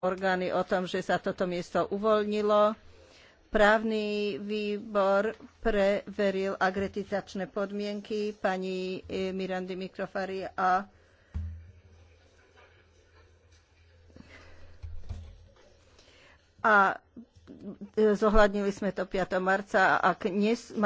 orgány o tom, že sa toto miesto uvoľnilo. Právny výbor preveril agretizačné podmienky pani e, Mirandy Mikrofari a a e, zohľadnili sme to 5. marca a ak